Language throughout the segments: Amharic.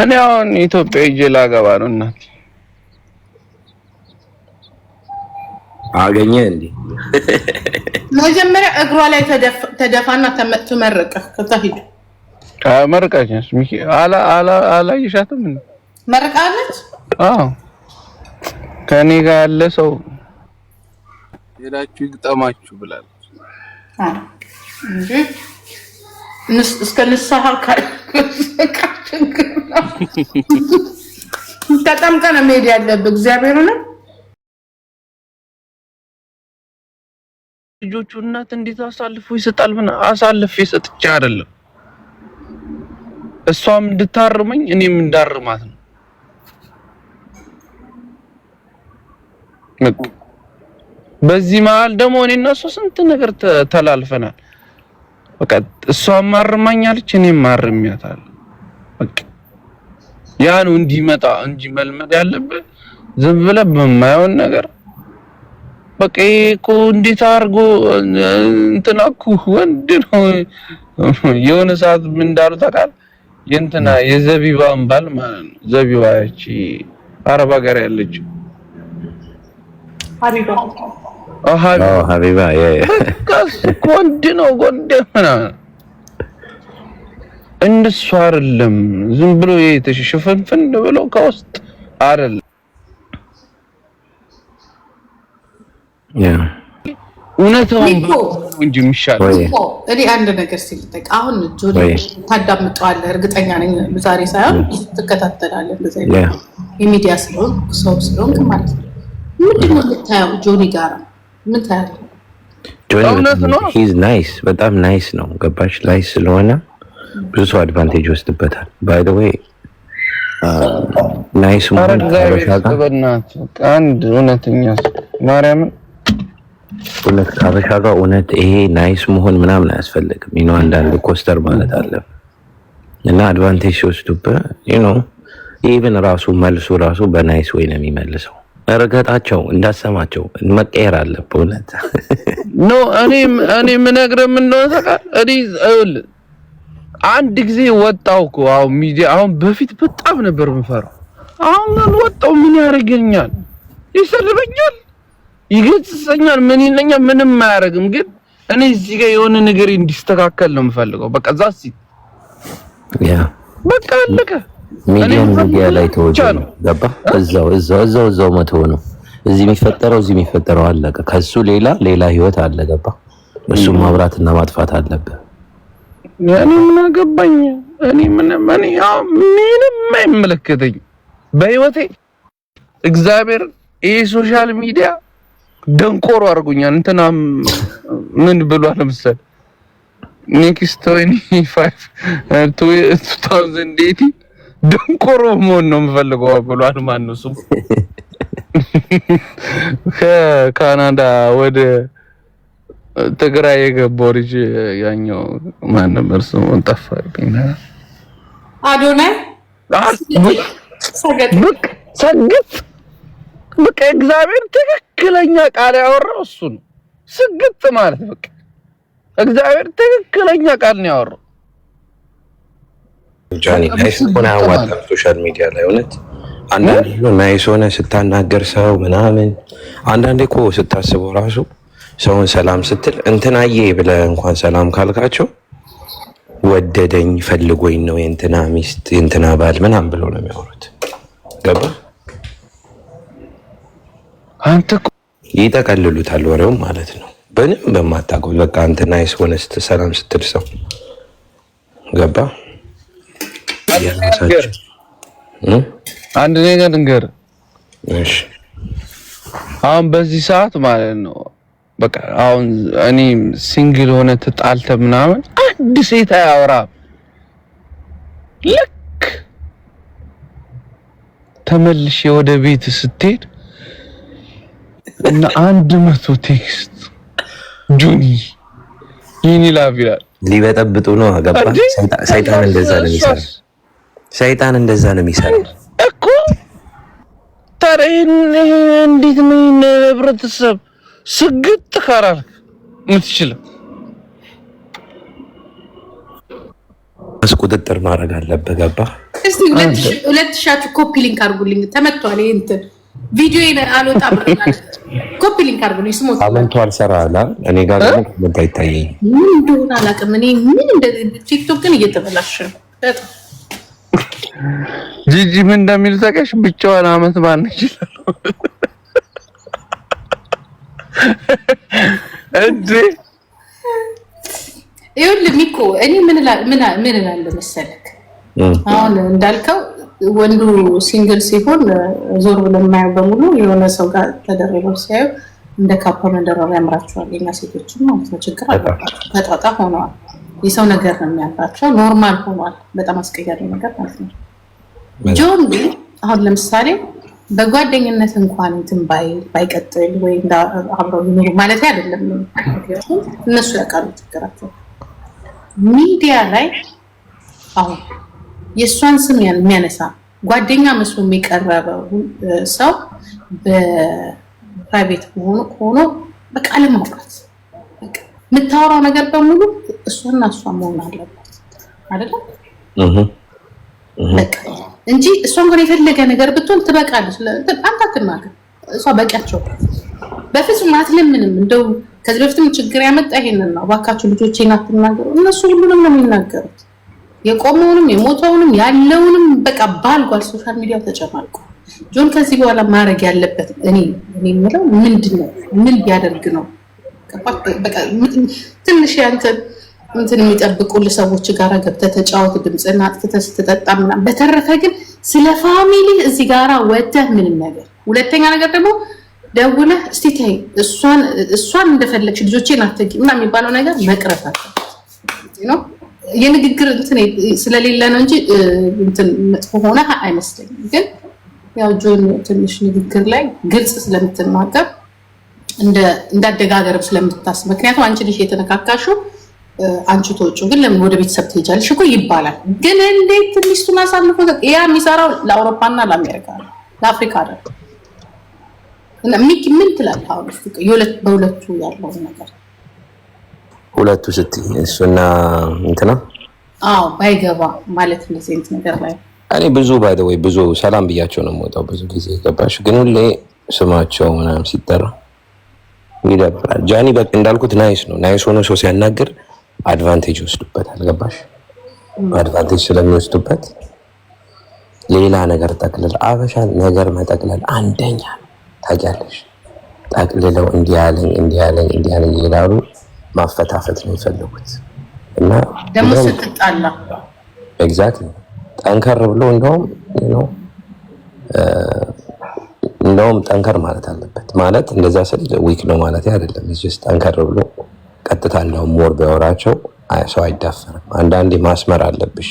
እኔ አሁን ኢትዮጵያ ሂጅ ላገባ ነው። እናት አገኘ እንዴ? መጀመሪያ እግሯ ላይ ተደፋና ተመጥቶ መረቀ። ከዛ ሂዱ መረቃችንስ ሚኪ አላ አላ አላየሻትም እንዴ? መረቃለች። አዎ ከኔ ጋር ያለ ሰው ሄዳችሁ ይግጠማችሁ ብላለች። አዎ እንዴ እስከ ንስሐ ተጠምቀን መሄድ ያለብህ እግዚአብሔር ነው። ልጆቹ እናት እንዴት አሳልፎ ይሰጣል? ምን አሳልፍ ሰጥቼ አይደለም እሷም እንድታርመኝ እኔም እንዳርማት ነው። በዚህ መሀል ደግሞ እኔ እና እሷ ስንት ነገር ተላልፈናል። በቃ እሷ ማርማኛለች፣ እኔ ማርሚያታል። በቃ ያ ነው እንዲመጣ እንጂ መልመድ ያለብህ ዝም ብለህ በማይሆን ነገር በቃ እኮ እንዴት አድርጎ እንትና እኮ ወንድ ነው። የሆነ ሰዓት ምን እንዳሉ ታውቃለህ? የእንትና የዘቢባን ባል ማለት ነው። ዘቢባ ያቺ አረብ ሀገር ያለችው ሀቢባ ከሱ ወንድ ነው ጎደ ምናምን እንደሱ አይደለም። ዝም ብሎ ሽፍንፍን ብሎ ከውስጥ አይደለም። እውነታውን እንጂ የሚሻለው እኔ አንድ ነገር ሲልጠቅ አሁን ጆሊ ታዳምጠዋለህ፣ እርግጠኛ ነኝ። ዛሬ ሳይሆን ትከታተላለህ፣ የሚዲያ ስለሆንክ ሰው ስለሆንክ ማለት ነው። ምንድን ነው የምታየው ጆኒ ጋር ናይስ በጣም ናይስ ነው። ገባሽ? ስለሆነ ብዙ ሰው አድቫንቴጅ ይወስድበታል። ባይ ዘ ናይስ መሆን አንድ እውነተኛ ማርያምን ጋር እውነት ይሄ ናይስ መሆን ምናምን አያስፈልግም። ይኖ አንዳንድ ኮስተር ማለት አለ እና አድቫንቴጅ ሲወስዱበት ኢቨን ራሱ መልሱ ራሱ በናይስ ወይ ነው የሚመልሰው እርገጣቸው እንዳሰማቸው መቀየር አለ። በእውነት ኖ እኔ እኔ የምነግርህ ምን አንድ ጊዜ ወጣው እኮ አሁን ሚዲያ አሁን በፊት በጣም ነበር የምፈራው። አሁን ግን ወጣው ምን ያደርገኛል? ይሰድበኛል፣ ይገጽሰኛል ምን ይለኛል? ምንም አያደርግም። ግን እኔ እዚህ ጋር የሆነ ነገር እንዲስተካከል ነው የምፈልገው። በቃ ዛሲ ያ በቃ አለቀ። ሚሊዮን ሚዲያ ላይ ተወጀ ነው። ገባ እዛው እዛው እዛው እዛው መቶ ነው። እዚህ የሚፈጠረው እዚህ የሚፈጠረው አለቀ። ከሱ ሌላ ሌላ ህይወት አለ። ገባ እሱም ማብራትና ማጥፋት አለበ። እኔ ምን አገባኝ? እኔ ምን ምን ምንም አይመለከተኝ በህይወቴ እግዚአብሔር። ይህ ሶሻል ሚዲያ ደንቆሮ አድርጎኛል። እንትናም ምን ብሏል መሰለህ ኔክስት 25 2080 ደንቆሮ መሆን ነው የምፈልገው ብሏል። ማን እሱ ከካናዳ ወደ ትግራይ የገባው ልጅ ያኛው ማን ነበር ስሙ? ጠፋብኝ። አዶናይ ብቅ ሰግጥ ብቅ እግዚአብሔር ትክክለኛ ቃል ያወራው እሱ ነው። ስግጥ ማለት ብቅ እግዚአብሔር ትክክለኛ ቃል ነው ያወራው ጃኒ ናይስ ሆነ አዋጣም ሶሻል ሚዲያ ላይ እውነት አንዳንድ ናይስ ሆነ ስታናገር ሰው ምናምን፣ አንዳንዴ እኮ ስታስበው ራሱ ሰውን ሰላም ስትል እንትናዬ ብለህ እንኳን ሰላም ካልካቸው ወደደኝ ፈልጎኝ ነው የእንትና ሚስት የእንትና ባል ምናምን ብሎ ነው የሚያወሩት። ገባ አንተ ይጠቀልሉታል፣ ወሬውም ማለት ነው በንም በማታውቀው በቃ አንተ ናይስ ሆነ ሰላም ስትል ሰው ገባ እያነሳችሁ አንድ ነገር ንገር። እሺ አሁን በዚህ ሰዓት ማለት ነው በቃ አሁን እኔ ሲንግል ሆነ ተጣልተ ምናምን አንድ ሴት አያወራም። ልክ ተመልሼ ወደ ቤት ስትሄድ እና አንድ መቶ ቴክስት ጁኒ ይህን ይላል ይላል። ሊበጠብጡ ነው። ገባ ሰይጣን እንደዛ ነው የሚሰራ ሰይጣን እንደዛ ነው የሚሰራው እኮ። ታዲያ እንዴት ነው ህብረተሰብ ስግጥ ካላልክ የምትችለው? ቁጥጥር ማድረግ አለብህ። ገባህ? እስቲ ሁለት ሻችሁ ኮፒ ሊንክ አድርጉልኝ። ተመቷል። እንትን ቪዲዮ አልወጣም። ኮፒ ሊንክ አድርጉልኝ። ስሞት አመንቱ አልሰራህላ። እኔ ጋር ደግሞ ኮመንት አይታየኝም። ምን እንደሆነ አላውቅም። እኔ ምን ቲክቶክ ግን እየተበላሸ ነው በጣም ጂጂም እንደሚል ታውቂያለሽ? ብቻዋን አመት ማን ይችላል እንዴ? ይኸውልህ ሚኮ እኔ ምን ምን እላለሁ መሰለክ፣ አሁን እንዳልከው ወንዱ ሲንግል ሲሆን ዞር ብለን የማየው በሙሉ የሆነ ሰው ጋር ተደረገው ሲያዩ እንደ ካፖ መደረብ ያምራቸዋል። የኛ ሴቶችም ማለት ነው ችግር አለባቸው። ተጣጣ ሆነዋል። የሰው ነገር ነው የሚያምራቸው። ኖርማል ሆኗል። በጣም አስቀያሪ ነገር ማለት ነው። ጆን ግን አሁን ለምሳሌ በጓደኝነት እንኳን እንትን ባይቀጥል ወይ አብረው ይኑሩ ማለት አይደለም። እነሱ ያውቃሉ ችግራቸው። ሚዲያ ላይ አሁን የእሷን ስም የሚያነሳ ጓደኛ መስሎ የሚቀረበው ሰው በፕራይቬት ሆኖ በቃ ለማውራት የምታወራው ነገር በሙሉ እሷና እሷ መሆን አለባት አይደለም በቃ እንጂ እሷ እንኳን የፈለገ ነገር ብትሆን ትበቃለች። አንተ አትናገር፣ እሷ በቂያቸው በፍጹም አትለምንም። እንደው ከዚህ በፊትም ችግር ያመጣ ይሄንን ነው። እባካችሁ ልጆቼን አትናገሩ። እነሱ ሁሉንም ነው የሚናገሩት፣ የቆመውንም፣ የሞተውንም፣ ያለውንም በቃ ባልጓል። ሶሻል ሚዲያው ተጨማልቆ ጆን ከዚህ በኋላ ማድረግ ያለበት እኔ እኔ የምለው ምንድን ነው? ምን ቢያደርግ ነው? ትንሽ ያንተ እንትን የሚጠብቁል ሰዎች ጋር ገብተህ ተጫወት፣ ድምፅህን አጥፍተህ ስትጠጣ ምናምን። በተረፈ ግን ስለ ፋሚሊ እዚህ ጋራ ወተህ ምንም ነገር። ሁለተኛ ነገር ደግሞ ደውለህ እስቲ ተይ እሷን እንደፈለግሽ ልጆቼን አትጊ እና የሚባለው ነገር መቅረፍ ነው። የንግግር እንትን ስለሌለ ነው እንጂ እንትን መጥፎ ሆነ አይመስለኝም። ግን ያው ጆን ትንሽ ንግግር ላይ ግልጽ ስለምትናገር እንዳደጋገርም ስለምታስብ ምክንያቱም አንቺ ልጅ የተነካካሽው አንቺ ተወጪው ግን ለምን ወደ ቤተሰብ ትሄጃለሽ እኮ ይባላል። ግን እንዴት ሚስቱን አሳልፎ ያ የሚሰራው ለአውሮፓና ለአሜሪካ ነው፣ ለአፍሪካ አይደለም። እና ሚኪ ምን ትላለህ? አሁን በሁለቱ ያለው ነገር ሁለቱ ስትይ እሱና እንትና አዎ፣ ባይገባ ማለት እንደዚህ አይነት ነገር ላይ እኔ ብዙ ባይ ዘ ወይ ብዙ ሰላም ብያቸው ነው የምወጣው። ብዙ ጊዜ ገባሽ፣ ግን ሁሌ ስማቸው ምናምን ሲጠራ ይደብራል። ጃኒ በቃ እንዳልኩት ናይስ ነው። ናይስ ሆኖ ሰው ሲያናግር አድቫንቴጅ ወስዱበት። አልገባሽ? አድቫንቴጅ ስለሚወስዱበት ሌላ ነገር ጠቅልል አበሻ ነገር መጠቅለል አንደኛ ነው። ታውቂያለሽ? ጠቅልለው እንዲያለኝ እንዲያለኝ እንዲያለኝ ይላሉ። ማፈታፈት ነው የፈለጉት እና ደግሞ ስትጣላ ጠንከር ብሎ እንደውም እንደውም ጠንከር ማለት አለበት። ማለት እንደዛ ስል ዊክ ነው ማለት አይደለም። ጠንከር ብሎ ቀጥታ ሞር ቢያወራቸው ሰው አይዳፈርም። አንዳንዴ ማስመር አለብሽ፣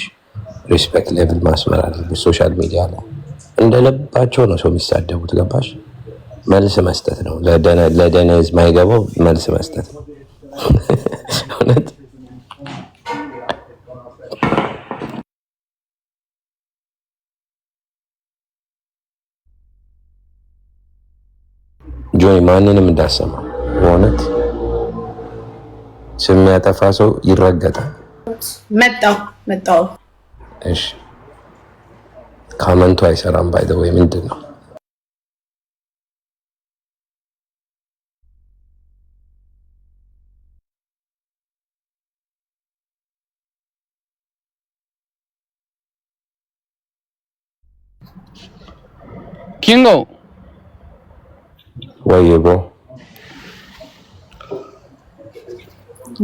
ሪስፔክት ሌቭል ማስመር አለብሽ። ሶሻል ሚዲያ ላይ እንደለባቸው ነው ሰው የሚሳደቡት። ገባሽ? መልስ መስጠት ነው ለደነዝ ማይገባው መልስ መስጠት ነው። እውነት ጆይ ማንንም እንዳሰማ በእውነት ስም ያጠፋ ሰው ይረገጣል። መጣው መጣው። እሺ ካመንቱ አይሰራም። ባይ ዘ ወይ ምንድን ነው ኪንጎ ወይ ቦ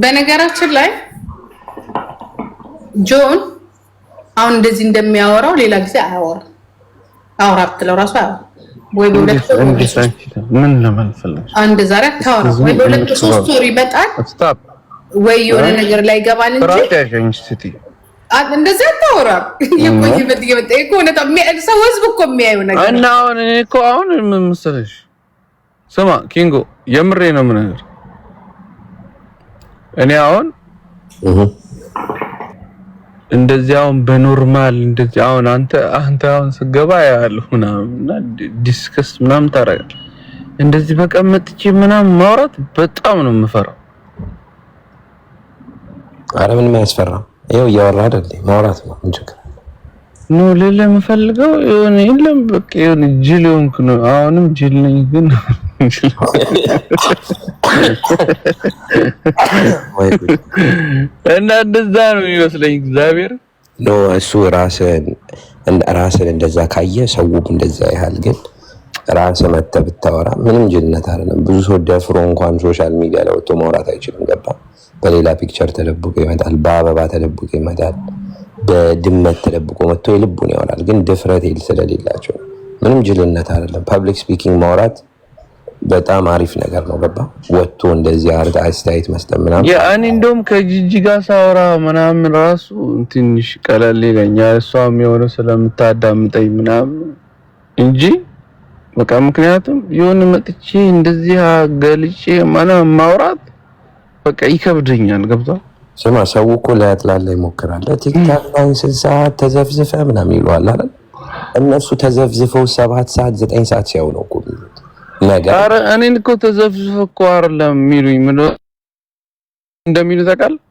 በነገራችን ላይ ጆን አሁን እንደዚህ እንደሚያወራው ሌላ ጊዜ አያወራም። አውራ ብትለው ራሱ ወይ አንድ ዛሬ አታወራም። ወይ በሁለት ሶስት ወር ይመጣል ወይ የሆነ ነገር ላይ ይገባል እንጂ እንደዚህ አታወራም። የመጣ እኮ እውነት ሰው ህዝብ እኮ የሚያየው ነገር እና አሁን እኔ እኮ አሁን ምን መሰለሽ ስማ ኪንጎ የምሬ ነው እኔ አሁን እንደዚህ አሁን በኖርማል እንደዚህ አሁን አንተ አንተ አሁን ስገባ ያለሁ ምናምን ዲስከስ ምናምን ታደርጋለህ። እንደዚህ በቀመጥቼ ምናምን ማውራት በጣም ነው የምፈራው። አረ ምንም አያስፈራም። ይኸው እያወራህ አይደል? ማውራት ነው እንጂ ችግር አለ? ኖ ሌላ የምፈልገው የሆነ የለም በቃ የሆነ ጅል ሆንክ ነው። አሁንም ጅል ነኝ ግን እና እንደዛ ነው የሚመስለኝ። እግዚአብሔር እሱ ራስን እንደዛ ካየ ሰውም እንደዛ ያህል ግን ራስ መተ ብታወራ ምንም ጅልነት አይደለም። ብዙ ሰው ደፍሮ እንኳን ሶሻል ሚዲያ ላይ ወጥቶ ማውራት አይችልም። ገባ በሌላ ፒክቸር ተደብቆ ይመጣል፣ በአበባ ተደብቆ ይመጣል፣ በድመት ተደብቆ መጥቶ የልቡን ያወራል። ግን ድፍረት ስለሌላቸው ምንም ጅልነት አይደለም። ፐብሊክ ስፒኪንግ ማውራት በጣም አሪፍ ነገር ነው። ገባ ወጥቶ እንደዚህ አርድ አስተያየት መስጠት ምናምን እኔ እንደውም ከጂጂ ሳውራ ምናምን ራሱ ትንሽ ቀለል ይለኛል። እሷም የሆነ ስለምታዳምጠኝ ምናምን እንጂ በቃ ምክንያቱም የሆነ መጥቼ እንደዚህ ገልጬ ምናምን ማውራት በቃ ይከብደኛል። ገብቷል። ስማ ሰው እኮ ላይ ይሞክራል። ቲክታክ ላይ ስንት ሰዓት ተዘፍዝፈ ምናምን ይሏል አይደል? እነሱ ተዘፍዝፈው ሰባት ሰዓት ዘጠኝ ሰዓት ሲያዩ ነው እኮ ነገር አረ እኔን እኮ ተዘፍዝፍ እኮ አይደለም የሚሉኝ ምን እንደሚሉ ታውቃለህ?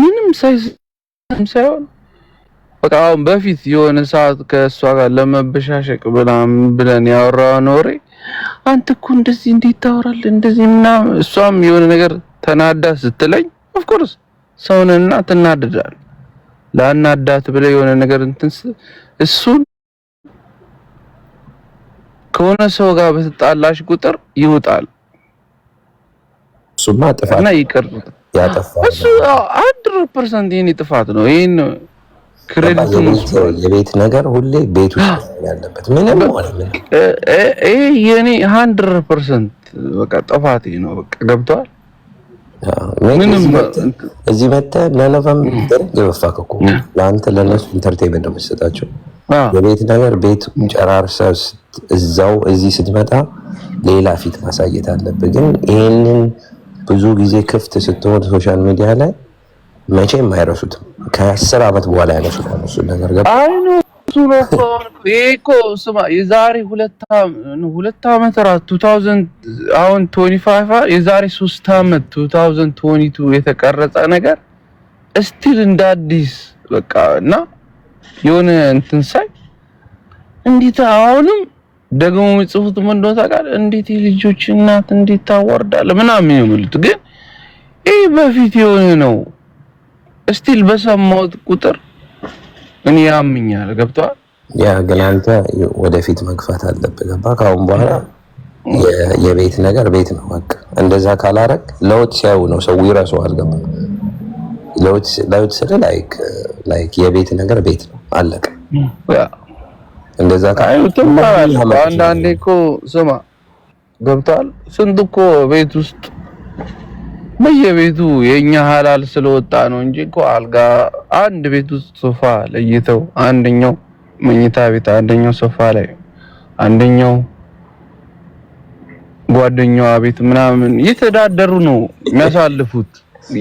ምንም ሳይሆን ሳይሆን በቃ አሁን በፊት የሆነ ሰዓት ከእሷ ጋር ለመበሻሸቅ ብላም ብለን ያወራውን ወሬ አንተ እኮ እንደዚህ እንዴት ታወራለህ? እንደዚህ ምናምን እሷም የሆነ ነገር ተናዳ ስትለኝ ኦፍኮርስ ሰውንና ትናደዳል። ላናዳት ብለ የሆነ ነገር እንትን እሱን ከሆነ ሰው ጋር በተጣላሽ ቁጥር ይውጣል። እሱማ ጥፋት እና ይቅር እሱ ፐርሰንት ይሄን ጥፋት ነው። ይሄን ክሬዲቱን የቤት ነገር ሁሌ ቤት ውስጥ ያለበት ምንም ሆነ ይሄ የኔ 100% በቃ ጥፋቴ ነው። በቃ ገብቷል። እዚህ መተ ለለፋም ደረግ የመፋክ እኮ ለአንተ ለእነሱ ኢንተርቴንመንት ነው የምትሰጣቸው። የቤት ነገር ቤት ጨራርሰህ እዛው እዚህ ስትመጣ ሌላ ፊት ማሳየት አለብህ። ግን ይህንን ብዙ ጊዜ ክፍት ስትሆን ሶሻል ሚዲያ ላይ መቼም አይረሱትም። ከአስር ዓመት በኋላ ያነሱት እሱን ነገር ገባ ነው እኮ ስማ፣ የዛሬ ሁለት ዓመት ቱ ታውዘንድ አሁን ቶኒ ፋይቭ የዛሬ ሶስት አመት ቱ ታውዘንድ ቶኒ ቱ የተቀረጸ ነገር እስቲል እንደ አዲስ በቃ እና የሆነ እንትን ሳይ እንዴት አሁንም ደግሞ የሚጽፉት ምንድነው ታውቃለህ? እንዴት የልጆች እናት እንዴት ታወርዳለህ ምናምን የሚሉት ግን ይህ በፊት የሆነ ነው እስቲል በሰማሁት ቁጥር ምን ያምኛል። ገብቷል። ያ ግን አንተ ወደፊት መግፋት አለብህ። ገባ ከአሁን በኋላ የቤት ነገር ቤት ነው። በቃ እንደዛ ካላረግ ለውጥ ሲያዩ ነው ሰው ይረሳዋል። ገባህ? ለውጥ ስለ ላይክ ላይክ የቤት ነገር ቤት ነው። አለቀ። እንደዛ ትማራለህ። አንዳንዴ እኮ ስማ፣ ገብቷል። ስንት እኮ ቤት ውስጥ በየቤቱ የኛ ሀላል ስለወጣ ነው እንጂ እኮ አልጋ አንድ ቤት ውስጥ ሶፋ ለይተው አንደኛው መኝታ ቤት አንደኛው ሶፋ ላይ አንደኛው ጓደኛዋ ቤት ምናምን እየተዳደሩ ነው የሚያሳልፉት።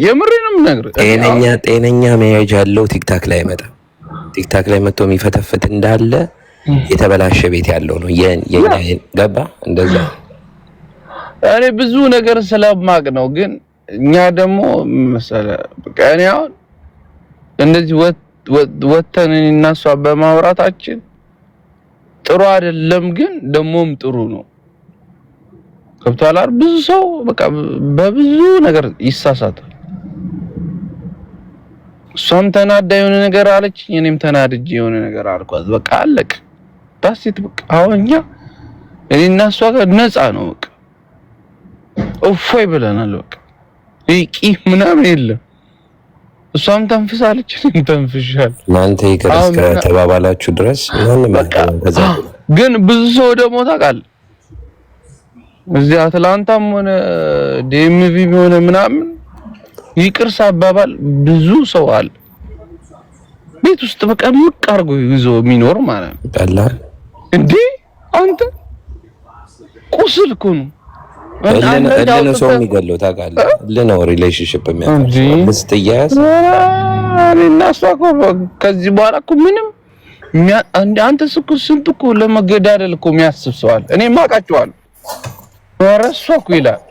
የምሬንም ነገር ጤነኛ ጤነኛ መያጅ ያለው ቲክታክ ላይ መጣ ቲክታክ ላይ መጥቶ የሚፈተፍት እንዳለ የተበላሸ ቤት ያለው ነው ገባ። እንደዛ እኔ ብዙ ነገር ስለማቅ ነው ግን እኛ ደግሞ መሰለ በቃ እኔ አሁን እንደዚህ ወተን እና እሷ በማውራታችን ጥሩ አይደለም፣ ግን ደግሞም ጥሩ ነው። ገብቶሃል? ብዙ ሰው በቃ በብዙ ነገር ይሳሳታል። እሷም ተናዳ የሆነ ነገር አለች፣ እኔም ተናድጅ የሆነ ነገር አልኳት። በቃ አለቅ ዳሴት በቃ አሁን እኛ እኔ እና እሷ ጋር ነፃ ነው። በቃ እፎይ ብለናል በቃ ቂም ምናምን የለም። እሷም ተንፍሳለች፣ እኔም ተንፍሻል። እናንተ ይቅር ተባባላችሁ ድረስ ግን ብዙ ሰው ደግሞ ታውቃለህ እዚህ አትላንታም ሆነ ዲኤምቪ ሆነ ምናምን ይቅር ሳባባል ብዙ ሰው አለ ቤት ውስጥ በቃ ምቅ አድርጎ ይዞ የሚኖር ማለት ነው። እንዴ አንተ ቁስል እኮ ነው እልን ሰው የሚገለው ታውቃለህ። እልህ ነው ሪሌሽንሽፕ የሚያስጠያዝ ከዚህ በኋላ እኮ ምንም አንተ ስኩ ስንት እኮ ለመገዳደል እኮ የሚያስብ ሰዋል። እኔ ማውቃቸዋለሁ። ኧረ እኮ ይላል።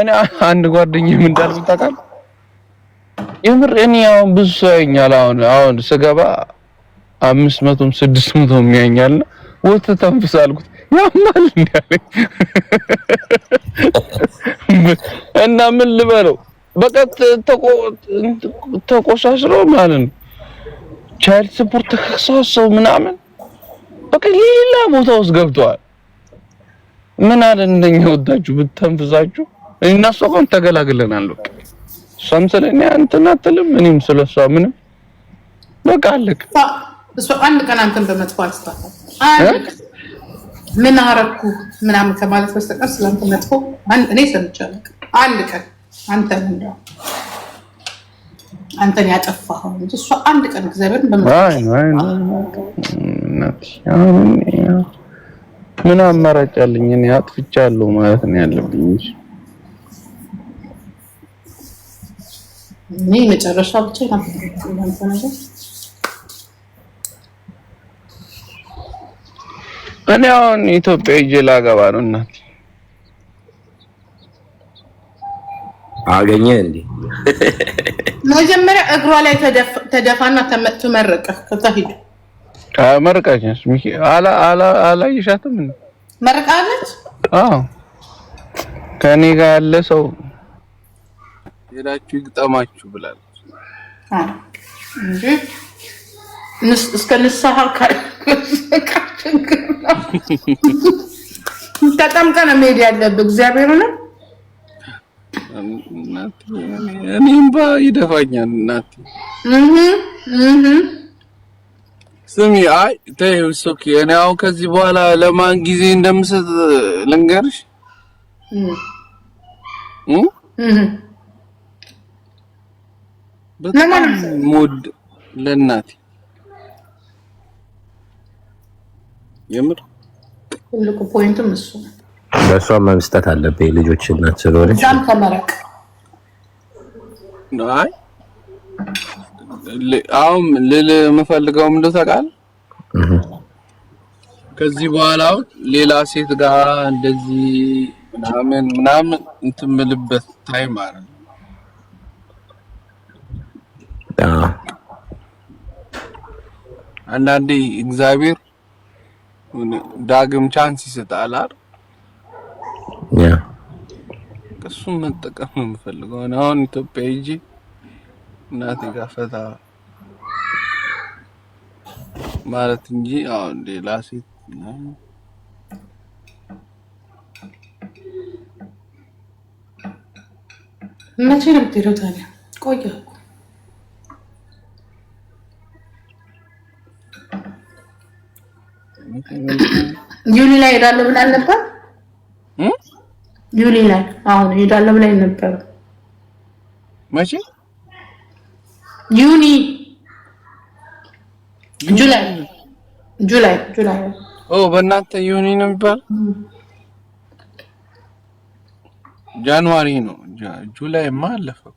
እኔ አንድ ጓደኛዬ ምን እንዳልኩት ታውቃለህ? የምር እኔ አሁን ብዙ ሰው ያኛል። አሁን አሁን ስገባ አምስት መቶም ስድስት መቶም ያኛል። ወጥተህ ተንፍስ አልኩት ያማል እና ምን ልበለው በቃ ተቆሳስሮ ማለት ነው። ቻይልድ ስፖርት ተከሳሰው ምናምን በቃ ሌላ ቦታ ውስጥ ገብተዋል። ምን አለ እንደኛ ወጣችሁ ብትተንፍሳችሁ እና እሷ እንኳን ተገላግለናል። በቃ እሷም ስለኔ እንትን አትልም፣ እኔም ስለሷ ምንም በቃ አለቀ። አንድ ቀን አንተን በመጥፋት ምን አረኩ ምናምን ከማለት በስተቀር ስለአንተ መጥፎ እኔ ሰምቼ አንድ ቀን አንተ እንደው አንተን ያጠፋኸው እንጂ እሷ አንድ ቀን እግዚአብሔርን ምን አማራጭ አለኝ? እኔ አጥፍቻለሁ ማለት ነው ያለብኝ እንጂ እኔ መጨረሻ ብቻ እኔ አሁን ኢትዮጵያ ሂጅ ላገባ ነው። እናት አገኘ እንዴ? መጀመሪያ እግሯ ላይ ተደፋና ተመጥቶ መረቀ። ከዛ ሂዱ መርቃችሽ ሚኪ አላ አላ አላየሻትም እንዴ? መርቃለች። አዎ ከኔ ጋር ያለ ሰው ሄዳችሁ ይግጠማችሁ ብላለች። አዎ እንዴ ንስ እስከ ንስሐ ካል ተጠምቀህ ነው መሄድ ያለብህ። እግዚአብሔር ነው እኔም ባ ይደፋኛል እናት ስሚ፣ አይ ተይ፣ ሶኪ እኔ አሁን ከዚህ በኋላ ለማን ጊዜ እንደምሰጥ ልንገርሽ? በጣም ሙድ ለእናቴ የምር ትልቁ ፖይንትም እሱ ነው። ለእሷም መምስጠት አለብህ ልጆች እናት ስለሆነች እዛም ተመረቅ። አይ አሁን ልል የምፈልገው ምንድን ታውቃለህ፣ ከዚህ በኋላ ሌላ ሴት ጋር እንደዚህ ምናምን ምናምን እንትን የምልበት ታይም አለ አንዳንዴ እግዚአብሔር ዳግም ቻንስ ይሰጣል አይደል? ያ እሱን መጠቀም ነው የምፈልገው። አሁን ኢትዮጵያ ሂጂ እናቴ ጋር ፈታ ማለት እንጂ አሁን ሌላ ሴት መቼ ነው የምትሄደው ታዲያ? እኮ ላይ ሄዳለሁ ብላል ነበር። ጁሊ ላይ አሁን ሄዳለሁ ብላኝ ነበር። መቼ? ጁኒ ጁላይ ጁላይ ጁላይ። ኦ በእናንተ ዩኒ ነበር ጃንዋሪ ነው ጁላይ ማለፈው